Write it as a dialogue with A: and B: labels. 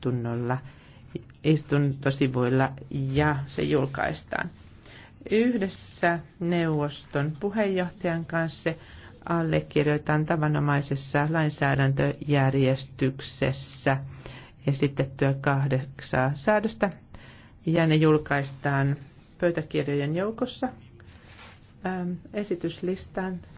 A: istunnolla, istuntosivuilla ja se julkaistaan. Yhdessä neuvoston puheenjohtajan kanssa allekirjoitan tavanomaisessa lainsäädäntöjärjestyksessä esitettyä kahdeksaa säädöstä ja ne julkaistaan pöytäkirjojen joukossa esityslistan